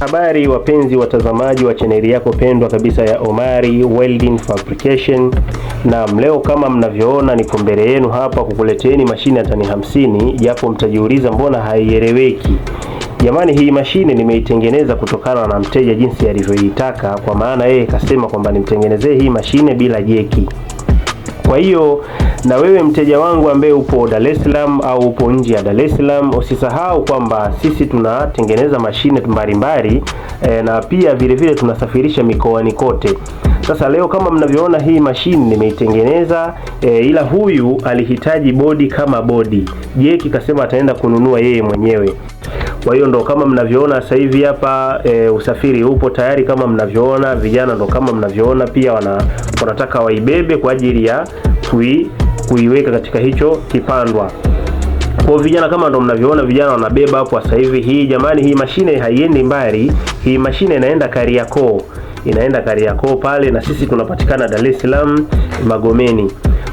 Habari wapenzi watazamaji wa chaneli yako pendwa kabisa ya Omary Welding Fabrication, na leo kama mnavyoona niko mbele yenu hapa kukuleteni mashine ya tani hamsini, japo mtajiuliza mbona haieleweki. Jamani, hii mashine nimeitengeneza kutokana na mteja jinsi alivyoitaka, kwa maana yeye kasema kwamba nimtengenezee hii mashine bila jeki, kwa hiyo na wewe mteja wangu ambaye upo Dar es Salaam au upo nje ya Dar es Salaam, usisahau kwamba sisi tunatengeneza mashine mbalimbali e, na pia vile vile tunasafirisha mikoani kote. Sasa leo kama mnavyoona hii mashine nimeitengeneza e, ila huyu alihitaji bodi kama bodi. Jeki kasema ataenda kununua yeye mwenyewe. Kwa hiyo ndo kama mnavyoona sasa hivi hapa e, usafiri upo tayari kama mnavyoona, vijana ndo kama mnavyoona pia wana, wanataka waibebe kwa ajili ya kui kuiweka katika hicho kipandwa. Kwa vijana kama ndo mnavyoona vijana wanabeba hapo sasa hivi. Hii jamani, hii mashine haiendi mbali, hii mashine inaenda Kariakoo, inaenda Kariakoo pale, na sisi tunapatikana Dar es Salaam Magomeni.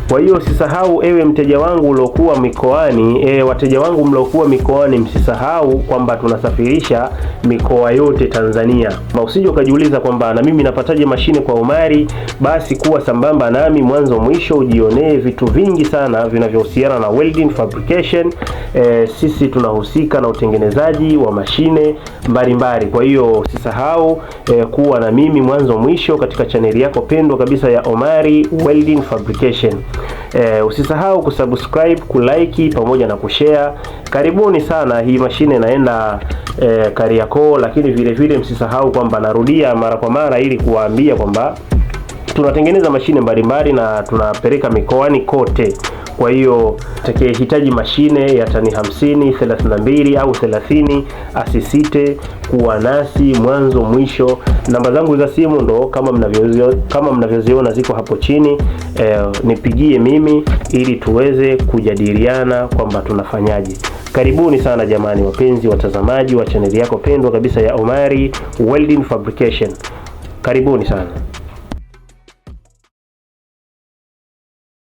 Kwa hiyo usisahau, ewe mteja wangu uliokuwa mikoani, e, wateja wangu mliokuwa mikoani, msisahau kwamba tunasafirisha mikoa yote Tanzania. Usije ukajiuliza kwamba na mimi napataje mashine kwa Omari. Basi kuwa sambamba nami mwanzo mwisho, ujionee vitu vingi sana vinavyohusiana na welding fabrication. E, sisi tunahusika na utengenezaji wa mashine mbalimbali. Kwa hiyo usisahau e, kuwa na mimi mwanzo mwisho katika chaneli yako pendwa kabisa ya Omari Welding Fabrication. E, usisahau kusubscribe, kulike pamoja na kushare. Karibuni sana, hii mashine inaenda e, Kariakoo, lakini vile vile msisahau kwamba narudia mara kwa mara ili kuwaambia kwamba tunatengeneza mashine mbalimbali na tunapeleka mikoani kote. Kwa hiyo atakayehitaji mashine ya tani 50, 32 au 30 asisite kuwa nasi mwanzo mwisho. Namba zangu za simu ndo kama mnavyoziona, kama mnavyoziona ziko hapo chini eh, nipigie mimi ili tuweze kujadiliana kwamba tunafanyaje. Karibuni sana jamani, wapenzi watazamaji wa chaneli yako pendwa kabisa ya Omary Welding Fabrication, karibuni sana.